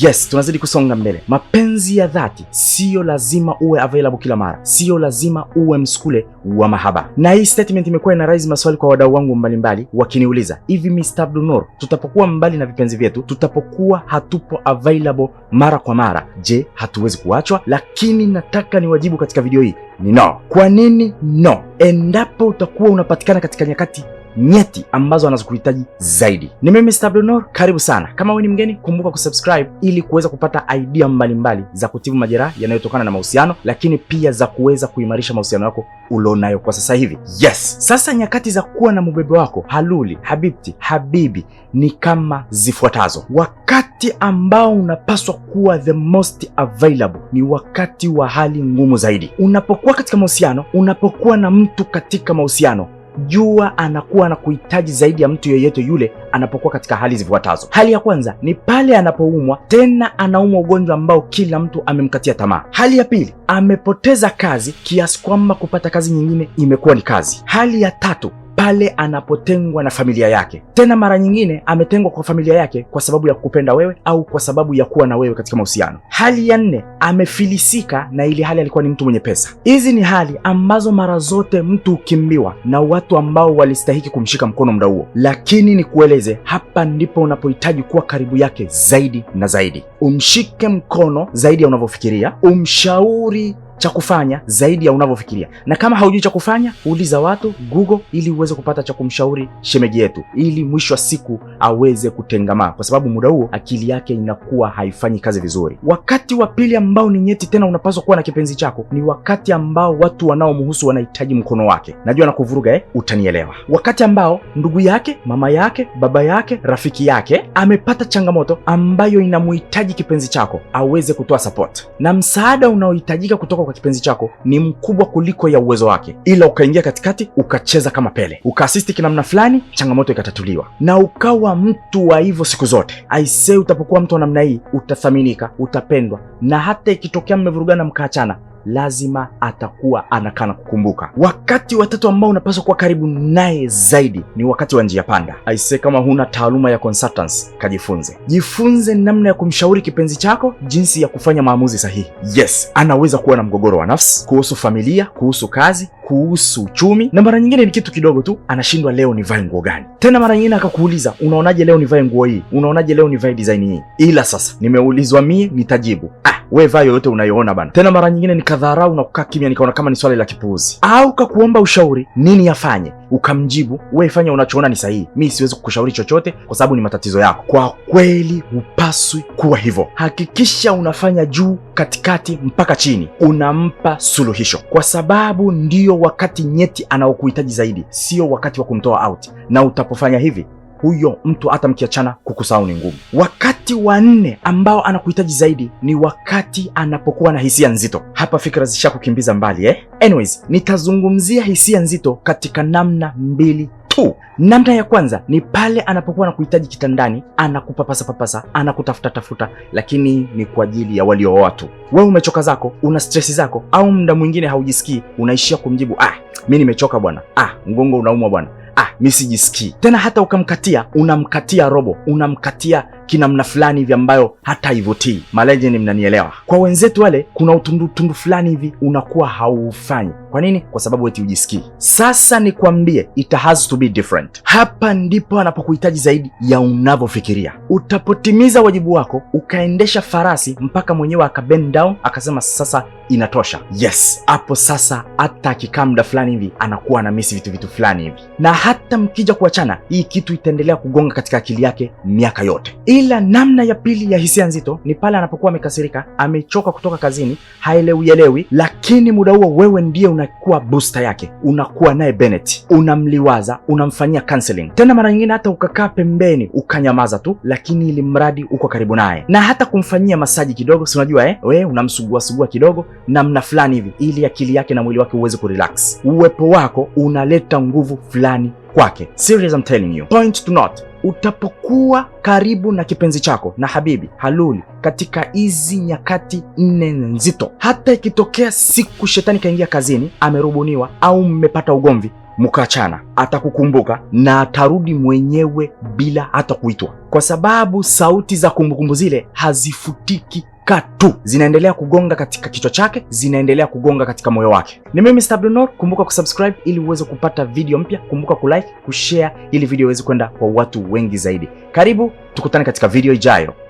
Yes, tunazidi kusonga mbele. Mapenzi ya dhati siyo lazima uwe available kila mara, siyo lazima uwe msukule wa mahaba. Na hii statement imekuwa ina raise maswali kwa wadau wangu mbalimbali, wakiniuliza hivi, Mr. Abdul tutapokuwa mbali na vipenzi vyetu, tutapokuwa hatupo available mara kwa mara, je, hatuwezi kuachwa? Lakini nataka niwajibu katika video hii ni no. Kwa nini no? Endapo utakuwa unapatikana katika nyakati nyeti ambazo wanazokuhitaji zaidi. Ni mimi Mr. Abdul karibu sana. Kama wewe ni mgeni, kumbuka kusubscribe ili kuweza kupata idea mbalimbali za kutibu majeraha yanayotokana na mahusiano, lakini pia za kuweza kuimarisha mahusiano yako ulionayo kwa sasa hivi. Yes, sasa nyakati za kuwa na mubebe wako haluli, habibti, habibi ni kama zifuatazo. Wakati ambao unapaswa kuwa the most available ni wakati wa hali ngumu zaidi, unapokuwa katika mahusiano, unapokuwa na mtu katika mahusiano jua anakuwa na kuhitaji zaidi ya mtu yeyote yule anapokuwa katika hali zifuatazo. Hali ya kwanza ni pale anapoumwa, tena anaumwa ugonjwa ambao kila mtu amemkatia tamaa. Hali ya pili, amepoteza kazi kiasi kwamba kupata kazi nyingine imekuwa ni kazi. Hali ya tatu pale anapotengwa na familia yake. Tena mara nyingine ametengwa kwa familia yake kwa sababu ya kupenda wewe au kwa sababu ya kuwa na wewe katika mahusiano. Hali ya nne, amefilisika na ili hali alikuwa ni mtu mwenye pesa. Hizi ni hali ambazo mara zote mtu hukimbiwa na watu ambao walistahiki kumshika mkono muda huo, lakini nikueleze, hapa ndipo unapohitaji kuwa karibu yake zaidi na zaidi. Umshike mkono zaidi ya unavyofikiria, umshauri cha kufanya zaidi ya unavyofikiria, na kama haujui cha kufanya, uliza watu Google ili uweze kupata cha kumshauri shemeji yetu, ili mwisho wa siku aweze kutengamaa, kwa sababu muda huo akili yake inakuwa haifanyi kazi vizuri. Wakati wa pili ambao ni nyeti tena unapaswa kuwa na kipenzi chako ni wakati ambao watu wanaomhusu wanahitaji mkono wake. Najua nakuvuruga eh? Utanielewa. Wakati ambao ndugu yake, mama yake, baba yake, rafiki yake amepata changamoto ambayo inamhitaji kipenzi chako aweze kutoa support na msaada unaohitajika kutoka kwa kipenzi chako ni mkubwa kuliko ya uwezo wake, ila ukaingia katikati ukacheza kama Pele, ukaasisti kinamna fulani, changamoto ikatatuliwa na ukawa mtu wa hivyo siku zote. Aisee, utapokuwa mtu wa namna hii utathaminika, utapendwa, na hata ikitokea mmevurugana mkaachana lazima atakuwa anakana kukumbuka. Wakati watatu ambao unapaswa kuwa karibu naye zaidi ni wakati wa njia panda. Aise, kama huna taaluma ya consultants, kajifunze. Jifunze namna ya kumshauri kipenzi chako jinsi ya kufanya maamuzi sahihi. Yes, anaweza kuwa na mgogoro wa nafsi kuhusu familia, kuhusu kazi, kuhusu uchumi, na mara nyingine ni kitu kidogo tu, anashindwa leo nivae nguo gani. Tena mara nyingine akakuuliza, unaonaje leo nivae nguo hii? Unaonaje leo nivae design hii? Ila sasa nimeulizwa mie, nitajibu ah wewe vaa yoyote unayoona bana. Tena mara nyingine nikadharau na kukaa kimya, nikaona kama ni swali la kipuuzi, au kakuomba ushauri nini yafanye, ukamjibu wewe fanya unachoona ni sahihi, mi siwezi kukushauri chochote kwa sababu ni matatizo yako. Kwa kweli hupaswi kuwa hivyo. Hakikisha unafanya juu, katikati mpaka chini, unampa suluhisho, kwa sababu ndio wakati nyeti anaokuhitaji zaidi, sio wakati wa kumtoa out, na utapofanya hivi huyo mtu hata mkiachana kukusahau ni ngumu. Wakati wa nne ambao anakuhitaji zaidi ni wakati anapokuwa na hisia nzito. Hapa fikra zishakukimbiza mbali eh? Anyways, nitazungumzia hisia nzito katika namna mbili tu. Namna ya kwanza ni pale anapokuwa anakuhitaji kitandani, anakupapasa papasa, anakutafuta tafuta, lakini ni kwa ajili ya waliooa tu. Wewe umechoka zako, una stresi zako, au muda mwingine haujisikii, unaishia kumjibu ah, mi nimechoka bwana, ah, mgongo unaumwa bwana ah, mi sijisikii tena. Hata ukamkatia unamkatia robo, unamkatia kinamna fulani hivi ambayo hata haivutii. Malenje ni mnanielewa. Kwa wenzetu wale kuna utundutundu fulani hivi unakuwa haufanyi kwa nini? Kwa sababu eti ujisikii. Sasa nikwambie, it has to be different. Hapa ndipo anapokuhitaji zaidi ya unavyofikiria. Utapotimiza wajibu wako ukaendesha farasi mpaka mwenyewe akabend down akasema sasa inatosha. Yes, hapo sasa hata akikaa muda fulani hivi anakuwa anamisi vitu vitu fulani hivi, na hata mkija kuachana, hii kitu itaendelea kugonga katika akili yake miaka yote. Ila namna ya pili ya hisia nzito ni pale anapokuwa amekasirika, amechoka kutoka kazini, haelewielewi, lakini muda huo wewe ndiye una unakuwa booster yake, unakuwa naye benet unamliwaza, unamfanyia counseling, tena mara nyingine hata ukakaa pembeni ukanyamaza tu, lakini ili mradi uko karibu naye, na hata kumfanyia masaji kidogo, si unajua eh, we unamsuguasugua kidogo namna fulani hivi, ili akili yake na mwili wake uweze kurelax. Uwepo wako unaleta nguvu fulani kwake. Serious, I'm telling you. Point to note. Utapokuwa karibu na kipenzi chako na habibi haluli katika hizi nyakati nne nzito, hata ikitokea siku shetani kaingia kazini, amerubuniwa au mmepata ugomvi mkachana, atakukumbuka na atarudi mwenyewe bila hata kuitwa, kwa sababu sauti za kumbukumbu zile hazifutiki dakika tu zinaendelea kugonga katika kichwa chake, zinaendelea kugonga katika moyo wake. Ni mimi Mr. Abdul kumbuka kusubscribe ili uweze kupata video mpya, kumbuka kulike, kushare ili video iweze kwenda kwa watu wengi zaidi. Karibu, tukutane katika video ijayo.